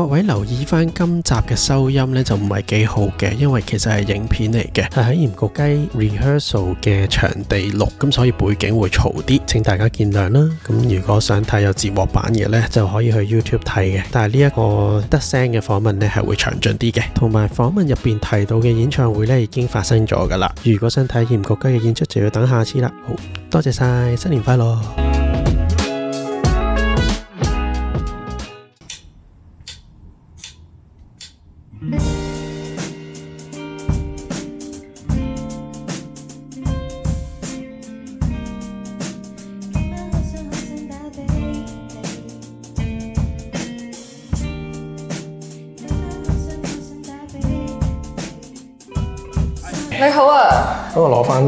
各位留意翻今集嘅收音呢，就唔係幾好嘅，因為其實係影片嚟嘅，係喺鹽焗雞 rehearsal 嘅場地錄，咁所以背景會嘈啲，請大家見諒啦。咁如果想睇有字幕版嘅呢，就可以去 YouTube 睇嘅。但係呢一個得聲嘅訪問呢，係會詳盡啲嘅。同埋訪問入邊提到嘅演唱會呢，已經發生咗噶啦。如果想睇鹽焗雞嘅演出，就要等下次啦。好多謝晒，新年快樂！你好啊，咁我攞返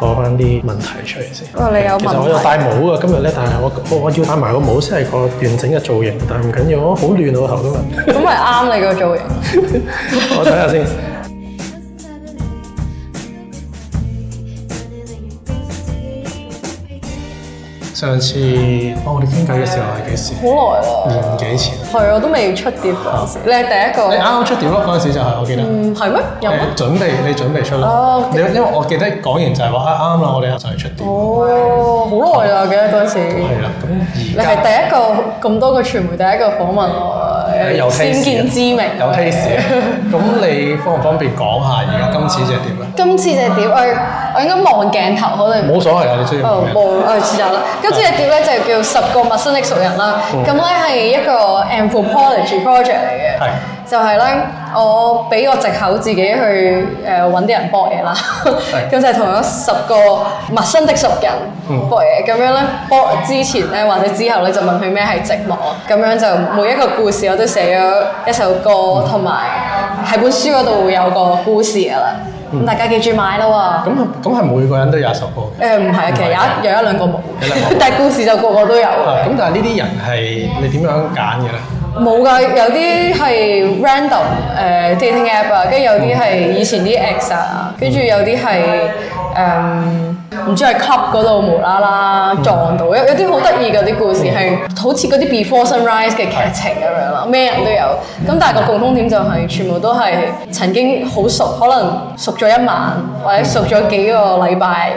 攞返啲問題出嚟先。哦，你有，其實我有戴帽噶、啊、今日咧，但係我我我要戴埋個帽先係個完整嘅造型，但係唔緊要，好亂個頭噶嘛。咁係啱你個造型。 我睇下先。上次幫、哦、我哋傾偈嘅時候係幾時？好耐啦，年幾前。係我都未出碟嗰、啊、時，你係第一個。你啱出碟嗰陣時就係、是、我記得。嗯，係咩？有冇準備？你準備出啦。啊、了因為我記得講完就係話啊啱啦，剛剛我哋一齊出碟。哦，好耐啦，記得嗰陣時。係啦，咁你係第一個咁多個傳媒第一個訪問我。嗯有先見之明，有 case 咁 你方唔方便講下而家今次隻碟咧？ 今次隻碟我我應該望鏡頭好定？冇所謂啊！你知啊？冇啊、哦！是啦，我下 今次隻碟咧就叫十個陌生的熟人啦。咁咧係一個 anthropology project 嚟嘅， 就係咧。我俾個藉口自己去誒搵啲、呃、人播嘢啦，咁就同咗十個陌生的熟人播嘢咁樣咧，播之前咧或者之後咧就問佢咩係寂寞，咁樣就每一個故事我都寫咗一首歌，同埋喺本書嗰度會有個故事嘅啦。咁大家記住買咯喎！咁咁係每個人都有十首歌，誒唔係啊，其實有一有一兩個，但係故事就個個都有。咁但係呢啲人係你點樣揀嘅咧？冇㗎，有啲係 random 誒 dating app 啊，跟住有啲係以前啲 ex 啊，跟住有啲係誒。唔知係 club 嗰度無啦啦撞到，有有啲好得意嘅啲故事，係好似嗰啲 Before Sunrise 嘅劇情咁樣啦，咩人都有。咁但係個共通點就係，全部都係曾經好熟，可能熟咗一晚或者熟咗幾個禮拜、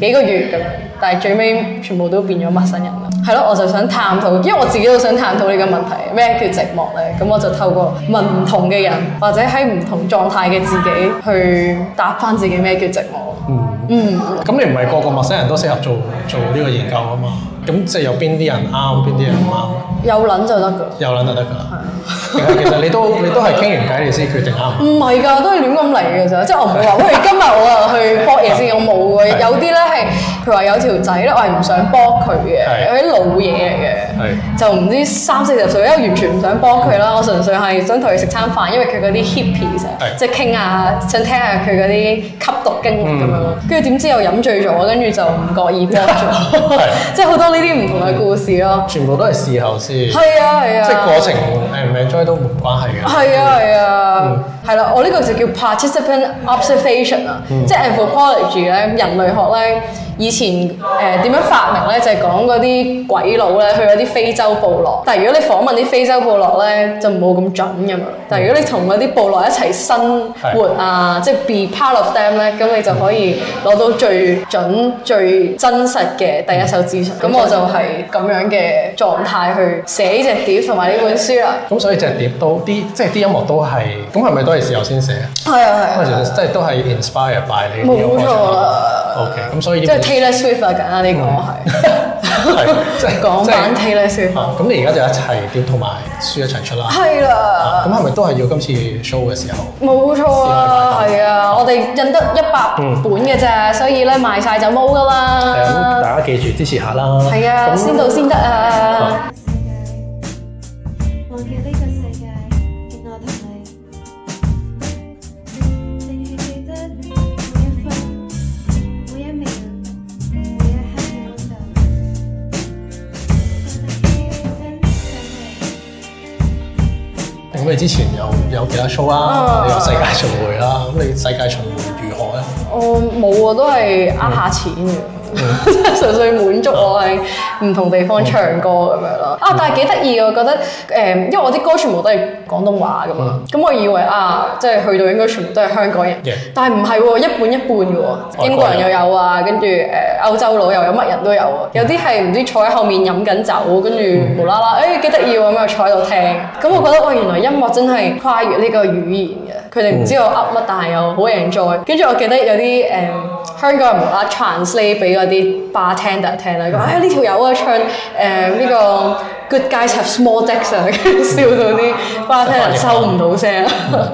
幾個月咁。但係最尾全部都變咗陌生人啦。係咯，我就想探討，因為我自己都想探討呢個問題，咩叫寂寞呢？咁我就透過問唔同嘅人，或者喺唔同狀態嘅自己，去答翻自己咩叫寂寞。嗯嗯，咁你唔係個個陌生人都適合做做呢個研究啊嘛，咁即係有邊啲人啱，邊啲、嗯、人唔啱，有諗就得噶，有諗就得噶。係的 其實你都你都係傾完偈你先決定啱，唔係噶，都係亂咁嚟嘅咋， 即係我唔會話，喂， 今日我啊去搏嘢先，有冇嘅，有啲咧係。佢話有條仔咧，我係唔想幫佢嘅，有啲老嘢嚟嘅，就唔知三四十歲，因為完全唔想幫佢啦。我純粹係想同佢食餐飯，因為佢嗰啲 hippie 啫，即係傾下，想聽下佢嗰啲吸毒經歷咁樣咯。跟住點知又飲醉咗，跟住就唔覺意俾人做，即係好多呢啲唔同嘅故事咯。全部都係事後先係啊係啊，即係過程誒 enjoy 都冇關係嘅。係啊係啊，係啦，我呢個就叫 participant observation 啊，即係 anthropology 咧人類學咧。以前誒點、呃、樣發明咧，就係、是、講嗰啲鬼佬咧去嗰啲非洲部落。但係如果你訪問啲非洲部落咧，就冇咁準咁樣。但係如果你同嗰啲部落一齊生活啊，的即係 be part of them 咧，咁你就可以攞到最準、嗯、最真實嘅第一手資訊。咁、嗯、我就係咁樣嘅狀態去寫隻碟同埋呢本書啦。咁所以隻碟都啲，即係啲音樂都係。咁係咪都係時候先寫啊？係啊係。咁即係都係 inspired by 你。冇錯啦。OK，咁所以、就是。Taylor Swift 啊，簡單啲講，即係港版 Taylor Swift 啊，咁你而家就一齊啲同埋書一齊出啦，係啦，咁係咪都係要今次 show 嘅時候？冇錯啊，係啊，我哋印得一百本嘅啫，所以咧賣晒就冇噶啦，係啊，大家記住支持下啦，係啊，先到先得啊。你之前有有其他 show 啦、啊，啊、你有世界巡迴啦，咁你世界巡迴如何咧？我冇啊，都係呃下錢。嘅、嗯。純 粹滿足我喺唔同地方唱歌咁樣咯，嗯、啊！但係幾得意啊，我覺得誒，因為我啲歌全部都係廣東話㗎嘛。咁、嗯嗯嗯、我以為啊，即係去到應該全部都係香港人，Yeah. 但係唔係喎，一半一半嘅喎，英國人又有啊，跟住誒，歐洲佬又有，乜、呃、人，人都有啊，有啲係唔知坐喺後面飲緊酒，跟住無啦啦，誒、哎，幾得意啊，咁又坐喺度聽，咁我覺得我原來音樂真係跨越呢個語言嘅。佢哋唔知道噏乜，但係又好 enjoy。跟住我記得有啲誒香港人唔拉 translate 俾嗰啲 bartender 聽啦，講哎呢條友啊唱誒呢個 Good guys have small decks 啊，笑到啲 bartender 收唔到聲。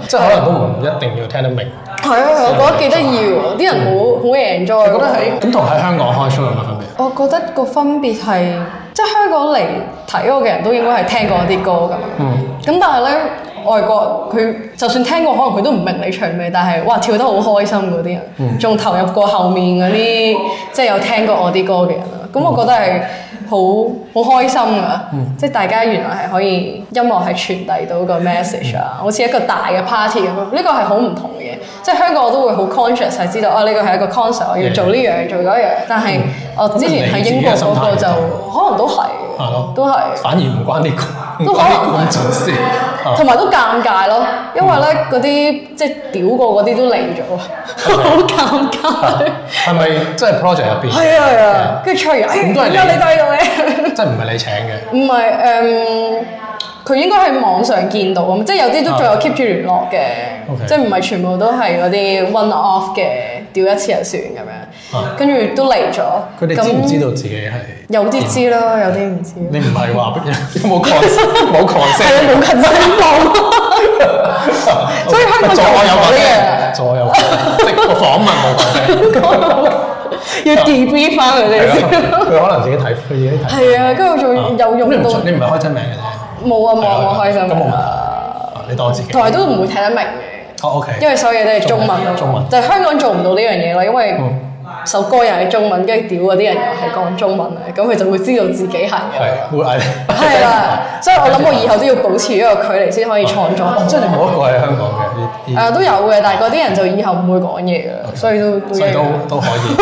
即係可能都唔一定要聽得明。係啊，我覺得幾得意啊！啲人好好 enjoy。覺得喺咁同喺香港開 show 有咩分別？我覺得個分別係，即係香港嚟睇我嘅人都應該係聽過啲歌噶。嗯。咁但係咧。外國佢就算聽過，可能佢都唔明你唱咩，但係哇跳得好開心嗰啲人，仲、嗯、投入過後面嗰啲即係有聽過我啲歌嘅人啦。咁、嗯、我覺得係好好開心啊！嗯、即係大家原來係可以音樂係傳遞到個 message 啊，好、嗯、似一個大嘅 party 咁。呢個係好唔同嘅嘢。即係香港我都會好 conscious 係知道啊，呢個係一個 concert，我要做呢、這、樣、個、做嗰、這、樣、個。但係、嗯嗯、我之前喺英國嗰個就可能都係。都係，反而唔關呢個，都可能唔關事，同埋都尷尬咯。因為咧嗰啲即係屌過嗰啲都嚟咗，好尷尬。係咪即係 project 入邊？係啊係啊，跟住吹嘢，咁都係你。即係唔係你請嘅？唔係誒。佢應該喺網上見到咁，即係有啲都仲有 keep 住聯絡嘅，嗯、即係唔係全部都係嗰啲 one off 嘅，屌一次就算咁樣，跟住、嗯、都嚟咗。佢哋知唔知？知道自己係有啲知咯，有啲唔知、嗯嗯。你唔係話冇講聲，冇講聲，係啊，冇講聲。所以香港有冇嘅？有訪問，即有個訪問冇講。要 DV 翻佢哋，佢可能自己睇，自己睇。係 啊，跟住仲有用到。你唔係開真名嘅。冇啊，冇啊，我開心噶。你當我自己。同埋都唔會睇得明嘅。好 OK。因為所有嘢都係中文。中文。就香港做唔到呢樣嘢咯，因為首歌又係中文，跟住屌啊啲人又係講中文咁佢就會知道自己係。係啊，會嗌。係啦，所以我諗我以後都要保持一個距離先可以創作。即係冇一個喺香港嘅。係都有嘅，但係嗰啲人就以後唔會講嘢嘅，所以都。所以都都可以。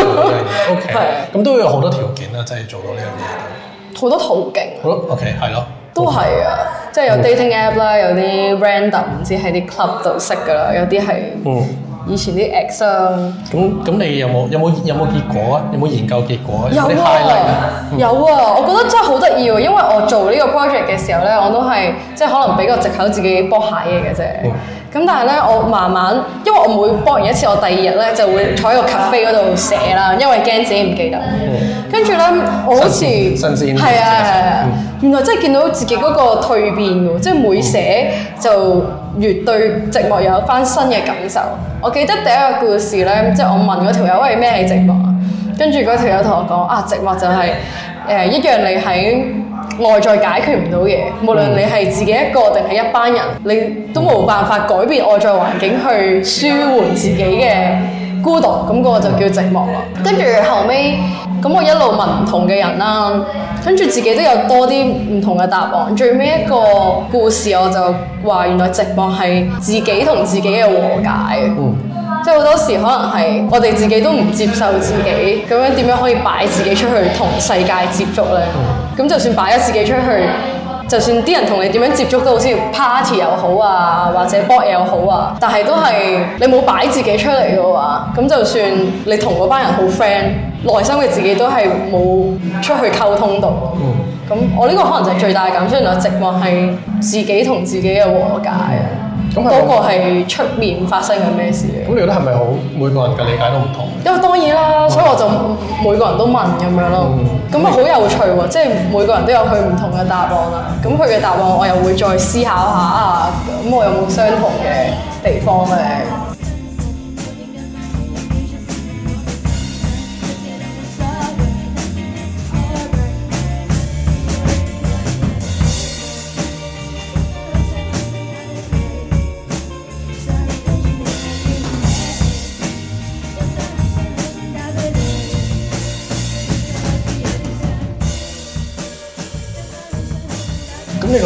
OK。係。咁都有好多條件啦，即係做到呢樣嘢好多途徑。好咯，OK，係咯。都係啊，即係有 dating app 啦，有啲 random，唔知喺啲 club 度識噶啦，有啲係。以前啲 ex 咁，咁你有冇有冇有冇結果啊？有冇研究結果？有啊， 有啊，我覺得真係好得意，因為我做呢個 project 嘅時候咧，我都係即係可能俾個藉口自己幫下嘢嘅啫。咁、嗯、但係咧，我慢慢因為我每幫完一次，我第二日咧就會坐喺個 cafe 嗰度寫啦，因為驚自己唔記得。跟住咧，我好似新鮮，係啊，原來真係見到自己嗰個蛻變喎，即係每寫就。嗯越對寂寞有番新嘅感受。我記得第一個故事呢，即係我問嗰條友，喂，咩係寂寞啊？跟住嗰條友同我講啊，寂寞就係、是、誒、呃、一樣你喺外在解決唔到嘅，無論你係自己一個定係一班人，你都冇辦法改變外在環境去舒緩自己嘅。孤獨咁個就叫寂寞啦，跟住後尾咁我一路問唔同嘅人啦，跟住自己都有多啲唔同嘅答案。最尾一個故事我就話，原來寂寞係自己同自己嘅和解，嗯、即係好多時可能係我哋自己都唔接受自己，咁樣點樣可以擺自己出去同世界接觸呢？咁、嗯、就算擺咗自己出去。就算啲人同你點樣接觸都好，似 party 又好啊，或者 bot 又好啊，但係都係你冇擺自己出嚟嘅話，咁就算你同嗰班人好 friend，內心嘅自己都係冇出去溝通到。咁、嗯、我呢個可能就係最大嘅感受，原來寂寞係自己同自己嘅和解。嗰個係出面發生緊咩事。咁、嗯、你覺得係咪好每個人嘅理解都唔同？因為當然啦，所以我就每個人都問咁樣咯。咁啊好有趣喎，即係每個人都有佢唔同嘅答案啦。咁佢嘅答案我又會再思考下啊。咁我有冇相同嘅地方咧？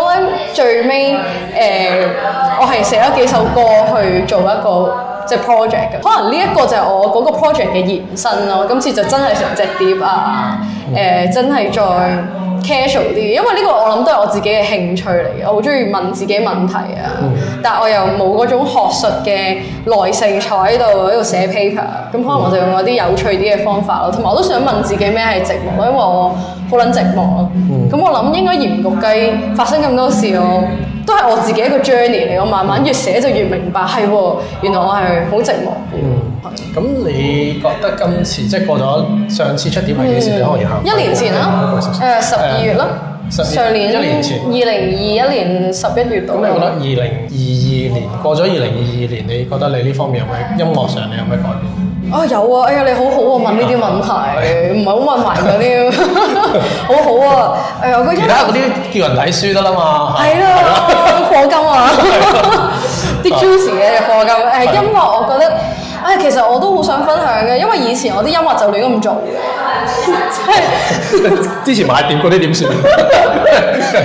咁最尾誒、呃，我係寫咗幾首歌去做一個。即係 project 嘅，可能呢一個就係我嗰個 project 嘅延伸咯。今次就真係整隻碟啊！誒、呃，真係再 casual 啲，因為呢個我諗都係我自己嘅興趣嚟嘅，我好中意問自己問題啊。但係我又冇嗰種學術嘅耐性坐喺度喺度寫 paper，咁可能我就用啲有趣啲嘅方法咯。同埋我都想問自己咩係寂寞，因為我好撚寂寞啊。咁我諗應該鹽焗雞發生咁多事我，都係我自己一個 journey 嚟，我慢慢越寫就越明白，係原來我係好寂寞嘅。嗯，咁你覺得今次即係過咗上次出碟係幾時？嗯、你可以喊。一年前啦，誒十二月啦，上年一年前，二零二一年十一月到。咁你覺得二零二二年過咗二零二二年，你覺得你呢方面有咩音樂上你有咩改變？唉啊有啊，哎呀你好好啊問呢啲問題，唔係好問埋嗰啲，好好啊，誒嗰啲其他啲叫人睇書得啦嘛，係咯課金啊，啲 juice 嘅課金，誒音樂我覺得啊其實我都好想分享嘅，因為以前我啲音樂就亂咁做，即係之前買碟嗰啲點算，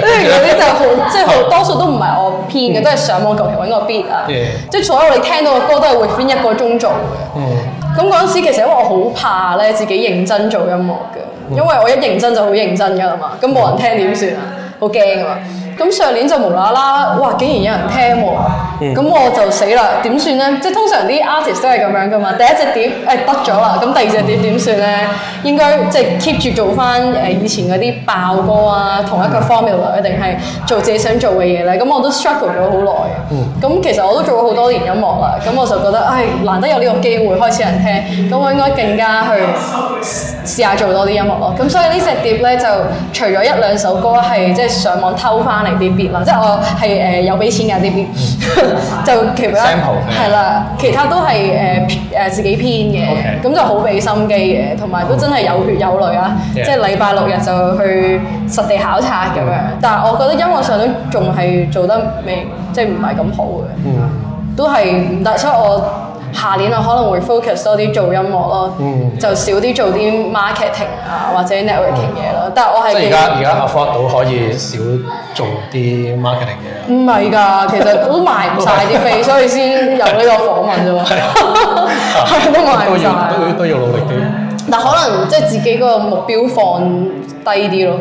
跟住有啲就好，即係多數都唔係我編嘅，都係上網求其揾個 beat 啊，即係所有你聽到嘅歌都係會分一個鐘做嘅。咁嗰陣時其實因為我好怕咧，自己認真做音樂嘅，因為我一認真就好認真㗎啦嘛，咁冇人聽點算啊？好驚啊嘛！咁上年就無啦啦，哇！竟然有人聽喎，啊，咁 Yeah. 我就死啦，點算咧？即係通常啲 artist 都係咁樣噶嘛，第一隻碟誒、哎、得咗啦，咁第二隻碟點算咧？應該即係 keep 住做翻誒以前啲爆歌啊，同一個 formula，定係做自己想做嘅嘢咧？咁我都 struggle 咗好耐嘅，咁 Yeah. 其實我都做咗好多年音樂啦，咁我就覺得唉、哎、難得有呢個機會開始人聽，咁我應該更加去試下做多啲音樂咯。咁所以呢隻碟咧就除咗一兩首歌係即係上網偷翻。嚟啲 B 啦，即係我係誒有俾錢嘅啲 B 就其他係啦 Sam ple.，其他都係誒誒自己編嘅，咁 Okay. 就好俾心機嘅，同埋都真係有血有淚啊！Yeah. 即係禮拜六日就去實地考察咁樣，Yeah. 但係我覺得音樂上都仲係做得未，即係唔係咁好嘅，mm. 都係唔得，所以我。下年啊可能會 focus 多啲做音樂咯，嗯，就少啲做啲 marketing 啊或者 networking 嘢咯。但係我係，即係而家而家 afford 到可以少做啲 marketing 嘅，唔係㗎，其實都賣唔晒啲飛，是所以先有呢個訪問啫。係都賣唔晒。都要都都要努力啲。但可能即係自己嗰個目標放低啲咯，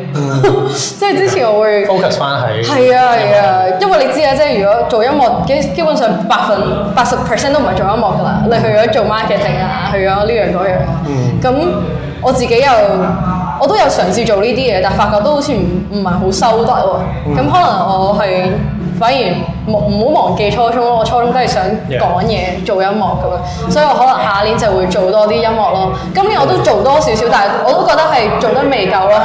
即係 之前我會 focus 翻喺係啊係啊，啊啊持人因為你知啊，即係如果做音樂基基本上百分八十 percent 都唔係做音樂噶啦，你去咗做 marketing 啊，去咗呢樣嗰樣啊，咁、嗯、我自己又我都有嘗試做呢啲嘢，但係發覺都好似唔唔係好收得喎，咁可能我係反而。唔好忘記初中咯，我初中都係想講嘢、Yeah. 做音樂咁樣，所以我可能下年就會做多啲音樂咯。今年我都做多少少，但係我都覺得係做得未夠咯，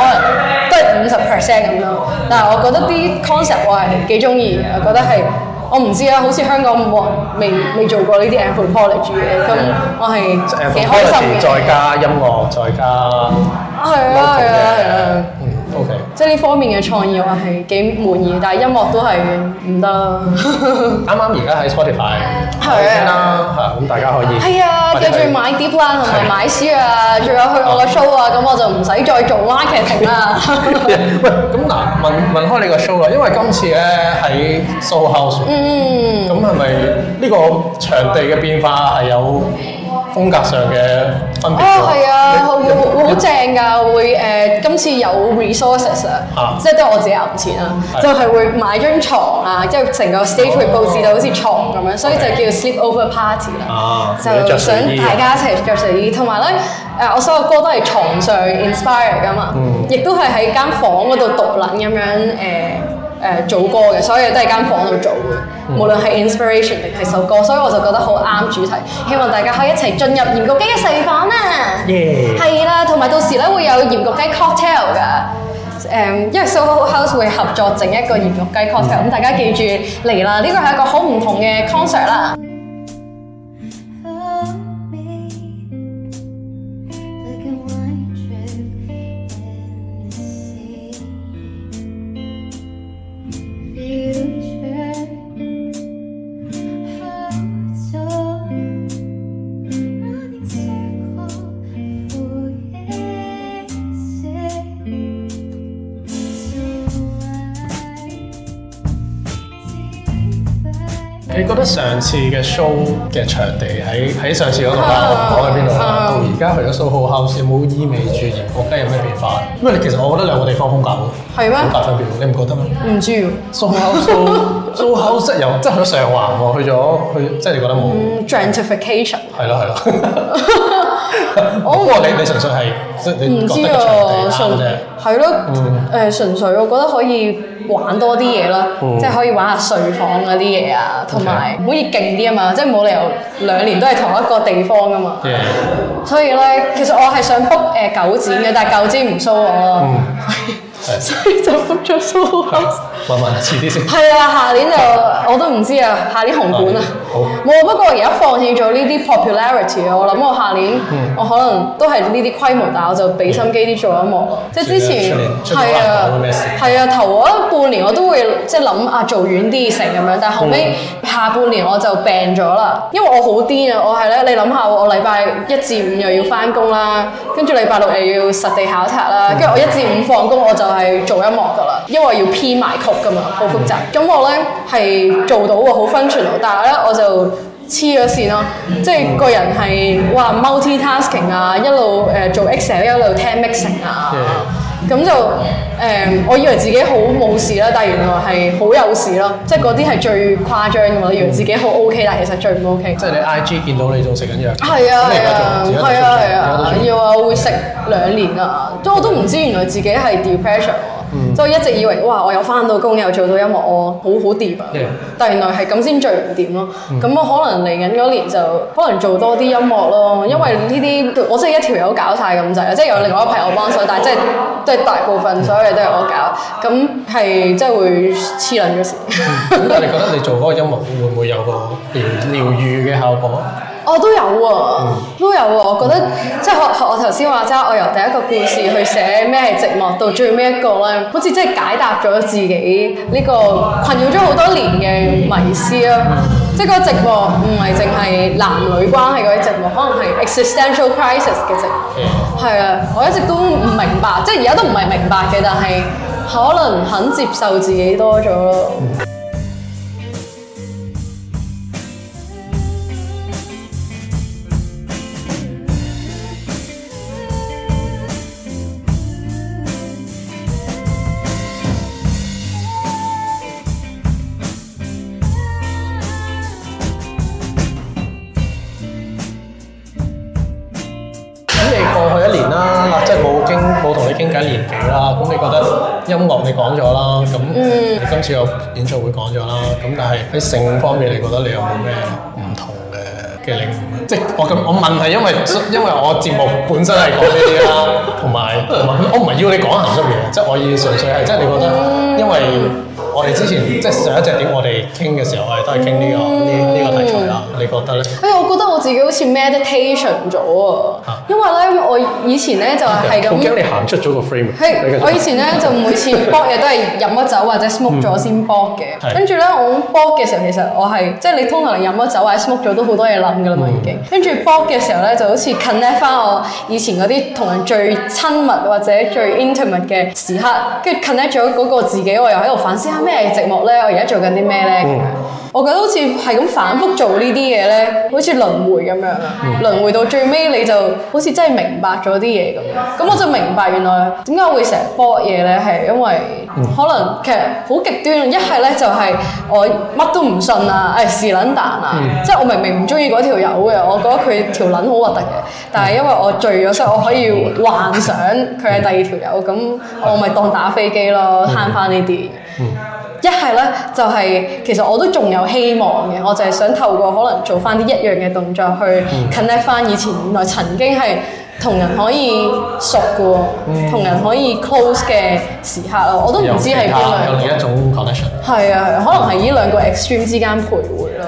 可能都係五十 percent 咁樣。但係我覺得啲 concept 我係幾中意嘅。我覺得係我唔知 ology, 我啊，好似香港冇未未做過呢啲 apple polish 嘅咁，我係幾開心嘅。再加音樂，再加啊係啊，係啊！Okay. 即係呢方面嘅創意，我係幾滿意，但係音樂都係唔得。啱啱而家喺 Spotify，係啦，係咁大家可以係啊，記住買碟啦，同埋買書啊，仲有去我個 show 啊，咁我就唔使再做 marketing 啦。喂，咁嗱，問問開你個 show 啦，因為今次咧喺 Soul House，嗯，咁係咪呢個場地嘅變化係有風格上嘅分別？哦，係啊，好。好正㗎，會誒、呃、今次有 resources 啊，即係都我自己揞錢啦，是的 就係會買張床，床、哦、啊，即係成個 stage 會佈置到好似床咁樣，所以就叫 sleepover party 啦，啊、就想大家一齊著睡衣，同埋咧誒，我所有歌都係床上 inspire 㗎嘛，亦都係喺間房嗰度獨諗咁樣誒。呃誒組、呃、歌嘅，所以都係間房度做嘅，mm. 無論係 inspiration 定係首歌，所以我就覺得好啱主題。希望大家可以一齊進入鹽焗雞嘅睡房嘛，係啦 Yeah.，同埋到時咧會有鹽焗雞 cocktail 噶，誒、嗯，因為 Soho House 會合作整一個鹽焗雞 cocktail，咁、mm. 大家記住嚟啦，呢個係一個好唔同嘅 concert 啦。上次嘅 show 嘅場地喺喺上次嗰個間，講喺邊度啊？Uh, 到而家去咗 Soho House，有冇意味住鹽焗雞有咩變化？因為你其實我覺得兩個地方風格好，係咩好大分別？你唔覺得咩？唔知 Soho Soho House 質又即係去咗上環，去咗去，即係你覺得冇 gentrification？係咯，係咯。 我不你你純粹係唔知啊，純係咯，誒純、嗯、粹我覺得可以玩多啲嘢啦，即係、嗯、可以玩下睡房嗰啲嘢啊，同埋可以勁啲啊嘛，即係冇理由兩年都係同一個地方噶嘛，嗯、所以咧其實我係想 book 誒九展嘅，但係九展唔 show 我咯，嗯、 所以就 book 咗 show。慢慢啊，遲啲先係啊，下年就、嗯、我都唔知啊，下年紅館啊。嗯冇、哦，不過而家放棄咗呢啲 popularity 我諗我下年、嗯、我可能都係呢啲規模，但係我就俾心機啲做音樂。嗯、即係之前係啊，係啊，頭嗰半年我都會即係諗啊做遠啲成咁樣，但係後尾下半年我就病咗啦，因為我好癲啊！我係咧，你諗下我禮拜一至五又要翻工啦，跟住禮拜六又要實地考察啦，跟住我一至五放工我就係做音樂噶啦，因為要編埋曲噶嘛，好複雜。咁、嗯嗯、我咧係做到喎，好 functional 喎，但係咧我就～就黐咗線咯，嗯、即係個人係哇 multitasking 啊，一路誒、呃、做 Excel，一路聽 mixing 啊，咁就誒我以為自己好冇事啦，但係原來係好有事咯，即係嗰啲係最誇張嘅嘛。我以為自己好 OK，但係其實最唔 OK。即係你 IG 見到你仲食緊藥？係啊、嗯，係啊，係啊，要啊，會食兩年啊，都我都唔知原來自己係 depression。就、mm hmm. 一直以為哇！我又翻到工又做到音樂，我好好掂啊！Mm hmm. 但原來係咁先最唔掂咯。咁、mm hmm. 我可能嚟緊嗰年就可能做多啲音樂咯，因為呢啲我真係一條友搞晒咁滯，即係有另外一個朋友幫手，但係即係即係大部分所有嘢都係我搞，咁係即係會黐撚咗線。咁、mm hmm. 但你覺得你做嗰個音樂會唔會有個療療愈嘅效果啊？我、哦、都有啊，都有啊，我覺得即係我我頭先話齋，我由第一個故事去寫咩係寂寞，到最尾一個咧，好似即係解答咗自己呢個困擾咗好多年嘅迷思咯、啊。即係個寂寞唔係淨係男女關係嗰啲寂寞，可能係 existential crisis 嘅寂寞。係啊、嗯，我一直都唔明白，即係而家都唔係明白嘅，但係可能肯接受自己多咗。經冇同你傾計年紀啦，咁你覺得音樂你講咗啦，咁今次有演奏會講咗啦，咁但係喺性方面你覺得你有冇咩唔同嘅嘅領？即係我，咁我問係因為因為我節目本身係講呢啲啦，同埋我唔係要你講鹹濕嘢，即係我以純粹係即係你覺得，因為我哋之前即係上一隻點我哋傾嘅時候，我哋都係傾呢個呢呢個題材啦，嗯、你覺得咧？因呀、哎，我覺得我自己好似 meditation 咗啊！因為咧，我以前咧就係咁。唔驚你行出咗個 frame 是。係，我以前咧就每次 blog 嘢 都係飲咗酒或者 smoke 咗先 blog 嘅。跟住咧，我 blog 嘅時候其實我係即係你通常你飲咗酒或者 smoke 咗都好多嘢諗噶啦嘛，已經、嗯。跟住 blog 嘅時候咧，就好似 connect 翻我以前嗰啲同人最親密或者最 intimate 嘅時刻，跟住 connect 咗嗰個自己，我又喺度反思下咩係寂寞咧，我而家做緊啲咩咧。嗯我覺得好似係咁反覆做呢啲嘢咧，好似輪迴咁樣啊！嗯、輪迴到最尾，你就好似真係明白咗啲嘢咁。咁、嗯、我就明白原來點解會成日搏嘢咧，係因為、嗯、可能其實好極端。一係咧就係我乜都唔信啊，誒是撚但啊，即係、嗯、我明明唔中意嗰條友嘅，我覺得佢條撚好核突嘅，但係因為我醉咗，所以我可以幻想佢係第二條友，咁、嗯嗯、我咪當打飛機咯，慳翻呢啲。嗯嗯一係咧就係、是，其實我都仲有希望嘅，我就係想透過可能做翻啲一,一樣嘅動作去 connect 翻以前原來曾經係同人可以熟過，同 人可以 close 嘅時刻咯，我都唔知係邊樣。有另一種 connection，啊。係啊，可能係呢兩個 extreme 之間徘徊咯。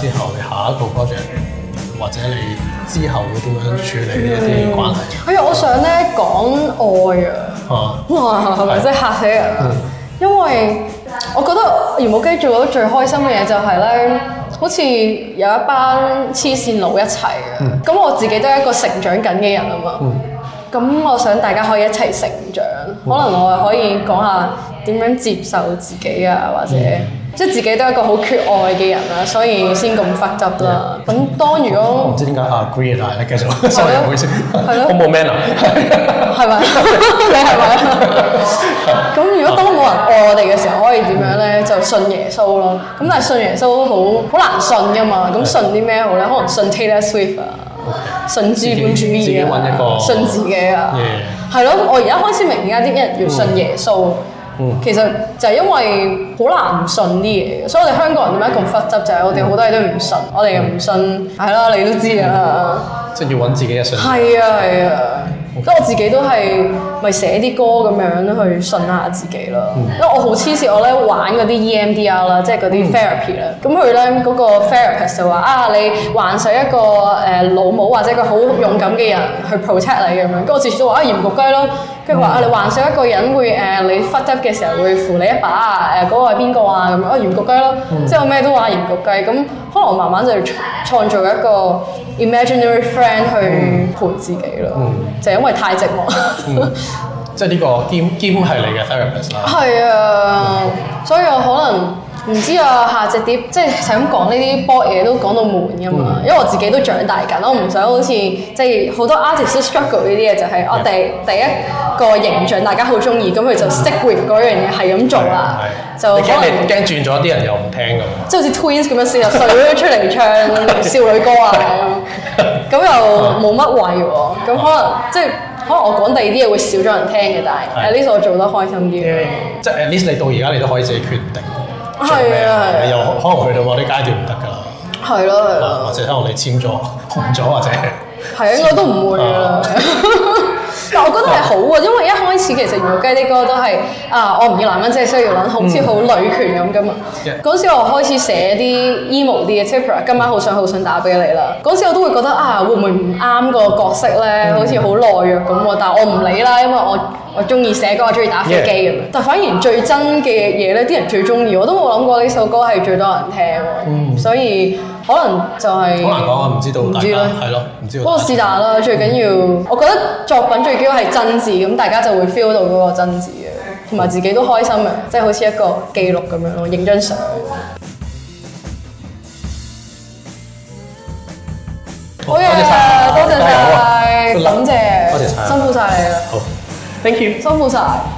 之後你下一個 project，或者你之後會點樣處理呢一啲關係？哎呀、嗯，我想咧講愛啊！啊哇，係咪真係嚇死人？嗯、因為我覺得鹽焗雞做到最開心嘅嘢就係、是、咧，好似有一班黐線佬一齊啊！咁、嗯、我自己都係一個成長緊嘅人啊嘛，咁、嗯、我想大家可以一齊成長。嗯、可能我就可以講下點樣接受自己啊，或者、嗯、～即係自己都係一個好缺愛嘅人啦，所以先咁複雜啦。咁當如果唔知點解啊，Green，但係繼續，真唔好意思，好冇 manner，係咪？你係咪？咁如果當冇人愛我哋嘅時候，可以點樣咧？就信耶穌咯。咁但係信耶穌好好難信㗎嘛。咁信啲咩好咧？可能信 Taylor Swift 啊，信資本主義嘅，信自己啊。係咯，我而家開始明點解啲人要信耶穌。嗯、其實就係因為好難唔信啲嘢，所以我哋香港人點解咁複雜就係我哋好多嘢都唔信。嗯、我哋又唔信，係啦，你都知啊、嗯，即、就、係、是、要揾自己一信。係啊係啊，咁 Okay. 我自己都係。咪寫啲歌咁樣去信下自己咯，因為我好黐線，我咧玩嗰啲 EMDR 啦，即係嗰啲 therapy 啦。咁佢咧嗰個 therapist 就話啊，你幻想一個誒老母或者佢好勇敢嘅人去 protect 你咁樣。咁我直接都話啊，鹽焗雞咯。跟住話啊，你幻想一個人會誒你 up 嘅時候會扶你一把啊，誒嗰個係邊個啊咁樣啊，鹽焗雞咯。之後咩都話鹽焗雞，咁可能我慢慢就創造一個 imaginary friend 去陪自己咯，就因為太寂寞。即係呢個兼基本係你嘅 therapist 啦。係啊，所以我可能唔知啊，下隻碟即係想講呢啲波嘢都講到悶㗎嘛。因為我自己都長大緊，我唔想好似即係好多 artist struggle 呢啲嘢，就係我哋第一個形象大家好中意，咁佢就 stick with 嗰樣嘢係咁做啦。就可能唔驚轉咗，啲人又唔聽㗎嘛。即係好似 twins 咁樣先又水咗出嚟唱少女歌啊咁，咁又冇乜位喎。咁可能即係。可能我講第二啲嘢會少咗人聽嘅，但係，at least 我做得開心啲。Yeah. 即係 at least 你到而家你都可以自己決定做咩的啊！又的可能去到嗰啲階段唔得㗎啦。係咯係咯，或者可能你簽咗紅咗，或者係應該都唔會啊。Uh 但我覺得係好啊！Oh. 因為一開始其實鹽焗雞啲歌都係啊，我唔要男人，即係需要揾好似好女權咁㗎嘛。嗰、mm. Yeah. 時我開始寫啲 emo 啲嘅即係今晚好想好想打俾你啦。嗰時我都會覺得啊，會唔會唔啱個角色咧？Mm. 好似好懦弱咁喎。但係我唔理啦，因為我我中意寫歌，我中意打飛機咁。Yeah. 但反而最真嘅嘢咧，啲人最中意。我都冇諗過呢首歌係最多人聽喎。Mm. 所以。可能就係、是、好難講啊，唔知道大家係咯，唔知嗰個試打啦。最緊要、嗯、我覺得作品最緊要係真摯，咁大家就會 feel 到嗰個真摯嘅，同埋自己都開心嘅，即係好似一個記錄咁樣咯，影張相。哦、好嘅，多謝曬，謝油感謝，謝辛苦晒你啊。好，thank you，辛苦晒！